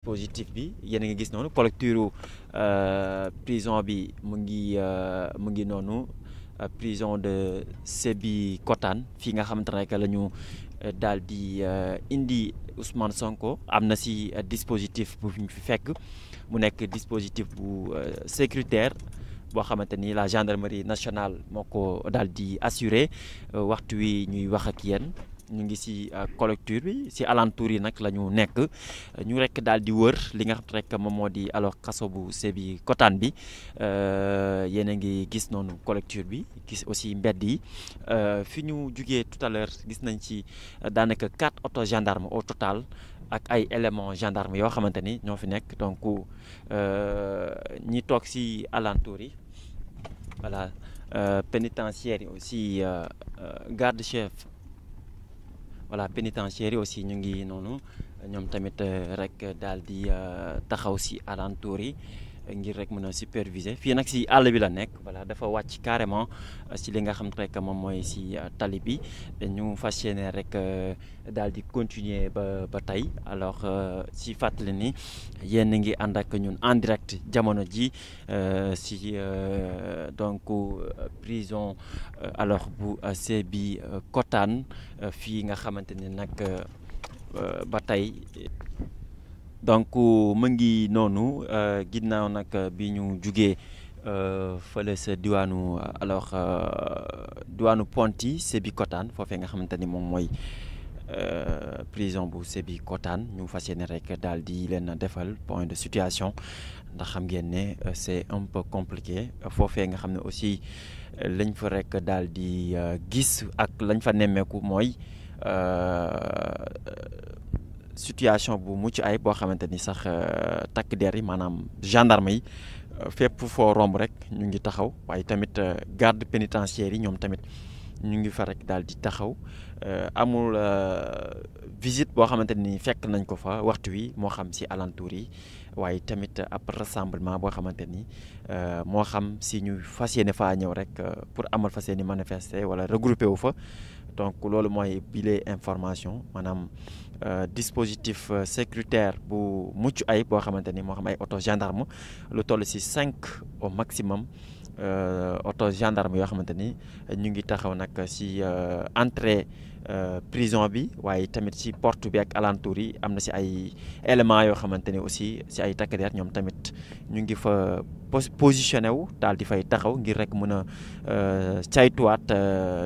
positif bi yéen a ngi gis noonu collecteur euh, prison bi mu ngi euh, mu ngi noonu euh, prison de Sébikotane fii nga xamante ne la ñu daal di indi Ousmane Sonko am na si dispositif bu ñu fi fekk mu nekk dispositif bu sécuritaire boo xamante ni la gendarmerie nationale moo ko daal di assuré waxtu wi ñuy wax ak yéen. ñu ngi si euh, collecture bi si alentour yi nag la ñu nekk ñu rekk daal di wër li nga xam rek moom moo di alors kaso bu Sébi Kotaan bi euh, yéen a ngi gis noonu collecture bi gis aussi mbedd yi euh, fi ñu jugee tout à gis nañ ci daanaka quatre auto gendarme au total ak ay éléments gendarme yoo xamante ni ñoo fi nekk donc ñi toog si alentour yi voilà pénitentiaire yi aussi garde chef voilà pénitentiaires yi aussi ñu ngi noonu ñoom tamit euh, rek daal di euh, taxaw si alentour yi ngir rek mën a superviser fii nag si àll bi la nekk voilà dafa wàcc carrément euh, si li nga xam rek moom mooy si euh, tali bi dañu fas yéene rek euh, daal di continuer ba ba tey alors si fàttali ni yéen ngi ànd ak ñun en direct jamono ji si donc prison alors bu see bi Kotaan fii nga xamante ni nag ba tey donc mu ngi noonu euh, ginnaaw nag euh, bi ñu jugee euh, fële sa diwaanu alors diwaanu Ponti Sébikotane foofe nga xamante ni moom mooy prison bu Sébikotane ñu fas yéene rek daal di leen defal point de situation ndax xam ngeen ne c'est un peu compliqué foofee nga xam ne aussi lañ fa rek daal di gis ak lañ fa nemmeeku mooy. situation bu mucc ay boo xamante ni sax euh, takk der yi maanaam gendarme yi euh, fépp foo romb rek ñu ngi taxaw waaye tamit euh, garde pénitentiaire yi ñoom tamit ñu ngi fa rek daal di taxaw amul visite boo xamante ni fekk nañ ko fa waxtu wi moo xam si alentour yi waaye tamit ab rassemblement boo xamante ni moo xam si ñu fas yéene faa ñëw rek pour amal fa seeni manifester wala regroupé wu fa. donc loolu mooy bile information maanaam euh, dispositif euh, sécuritaire bu mucc ay boo xamante ni moo xam ay auto gendarme lu toll ci cinq au maximum oto euh, gendarme yoo xamante ni ñu ngi taxaw nag si euh, entrée euh, prison bi waaye tamit si porte bi ak alentour yi am na si ay éléments yoo xamante ni aussi si ay takk der ñoom tamit ñu ngi fa positionné wu daal di fay taxaw ngir rek mën a caytuwaat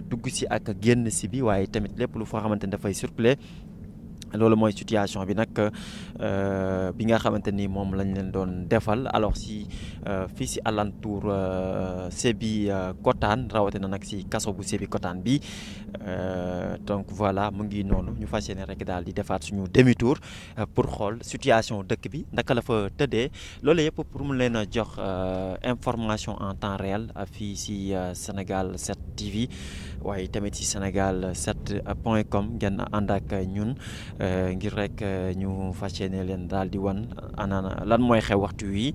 dugg si ak génn si bi waaye tamit lépp lu foo xamante ni dafay circuler loolu mooy situation bi nag euh, bi nga xamante ni moom lañ leen doon defal alors si euh, fii si alentour euh, Sébi Kotaan rawatina nag si kaso bu Sébi Kotaan bi donc voilà mu ngi noonu ñu fas yéene rek daal di defaat suñu demi tour pour xool situation dëkk bi naka la fa tëddee loolu yëpp pour mu leen a jox information en temps réel fii si Sénégal 7 TV waaye itamit si Sénégal 7 point comme ngeen ànd ak ñun. Euh, ngir rek euh, ñu fas yéene leen daal di wan euh, ana lan mooy xew waxtu yi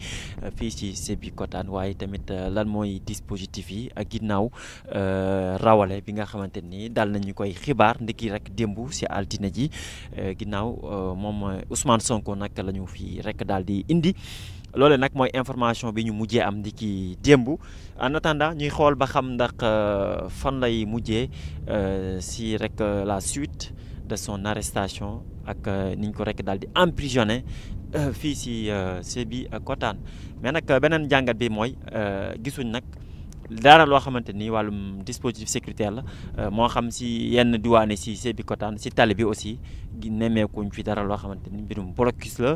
fii ci Sébikotane waaye tamit lan mooy dispositif yi ak ginnaaw rawale bi nga xamante ni daal ñu koy xibaar ndiki rek démb ci altine ji ginnaaw moom Ousmane Sonko nag la ñu fii rek daal di indi. loole nag mooy information bi ñu mujjee am di ki démb en ñuy xool ba xam ndax fan lay mujjee si rek la suite de son arrestation ak euh, niñ ko rek daal di emprisonné euh, fii si euh, Sébi Kotaan mais nag beneen jàngat bi mooy gisuñ nag dara loo xamante ni wàllum dispositif sécuritaire la euh, moo xam si yenn diwaane si Sébikotane si tali bi aussi nemmeekuñ fi dara loo xamante ni mbirum blocus la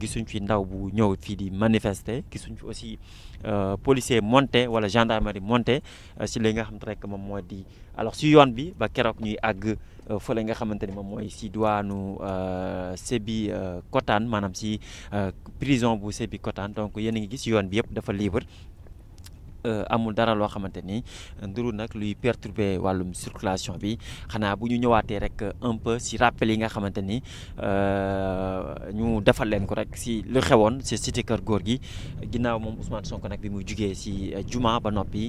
gisuñ fi ndaw bu ñëw fii di manifester gisuñ fi aussi euh, policier monté wala gendarmerie monté euh, si li nga xam te rek moom moo di alors si yoon bi ba keroog ñuy àgg fële nga xamante ni moom mooy si diwaanu Sébikotane maanaam si prison bu Sébikotane donc yéen a ngi gis yoon bi yëpp dafa libre Euh, amul dara loo xamante ni nduru nag luy perturber wàllum circulation bi xanaa bu ñu ñëwaatee rek euh, un peu si rappel yi nga xamante ni euh, ñu defal leen ko rek si lu xewoon si cité kër góor gi ginnaaw moom Ousmane Sonko nag bi muy jugee si juma ba noppi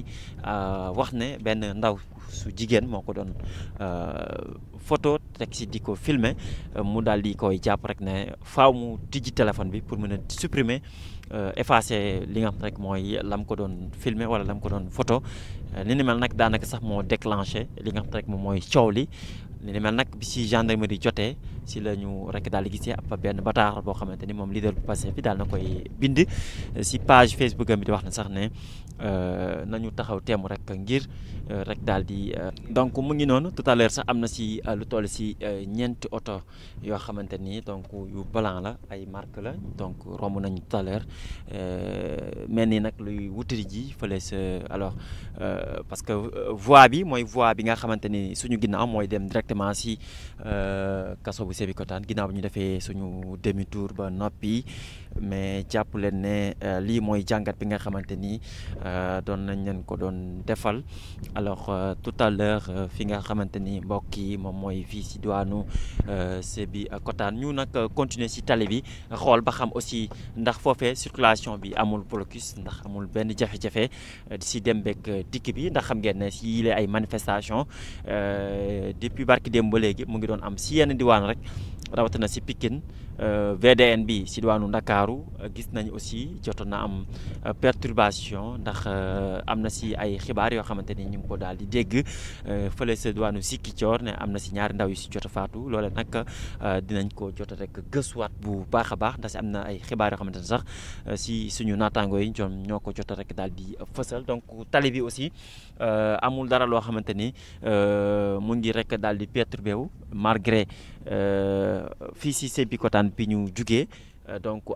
wax ne benn ndaw. su jigéen moo ko doon euh, photo teg si di ko filme euh, mu daal di koy jàpp rek ne faaw mu tijji téléphone bi pour mën a supprimer euh, effacer li nga xam rek mooy lam ko doon filmer wala lam ko doon photo ni ni mel nag daanaka sax moo déclenché li nga xam rek moom mooy coow li ni ni nag bi si gendarmerie jotee si la ñu rek daal di gisee ab benn bataaxal boo xamante ni moom leader bu Pastef bi daal na koy bind si page Facebook am bi di wax na sax ne euh, nañu taxaw teem rek ngir euh, rek daal di euh, donc mu ngi noonu tout sax am na si lu toll si ñeenti oto yoo xamante ni donc yu blanc la ay marque la donc romb nañu tout à l'heure mel ni nag luy wutari ji fële sa alors parce que voie bi mooy voie bi nga xamante ni suñu am mooy dem directement si kaso bu Sébikotane ginnaaw bi ñu defee suñu demi tour ba noppi mais jàpp leen ne euh, lii mooy jàngat bi nga xamante ni euh, doon nañ leen ko doon defal alors euh, tout à fi nga xamante ni mbokk yi moom mooy fii si diwaanu Sébi Kotaan ñu nag continuer si tali bi xool ba xam aussi ndax foofee circulation bi amul blocus ndax amul benn jafe-jafe si dem beeg dikk bi ndax xam ngeen ne si yile ay manifestation depuis barki démb ba léegi mu ngi doon am si yenn diwaan rek rawatina si Pikine euh, VDN bi si diwaanu Ndakaaru euh, gis nañ aussi jotoon na am euh, perturbation ndax am na si ay xibaar yoo xamante ni ñu ngi ko daal di dégg fële sa diwaanu Ziguinchor ne am na si ñaari ndaw yu si jot faatu loole nag dinañ ko jot rek gëstuwaat bu baax a baax ndax si am na ay xibaar yoo xamante ni sax si suñu naataangoo yi ñoom ñoo ko jot rek daal di fësal donc tali bi aussi amul dara loo xamante ni mu ngi rek daal di perturbé wu malgré. Euh, fii si Sébikotane bi bi ñu jugee euh, donc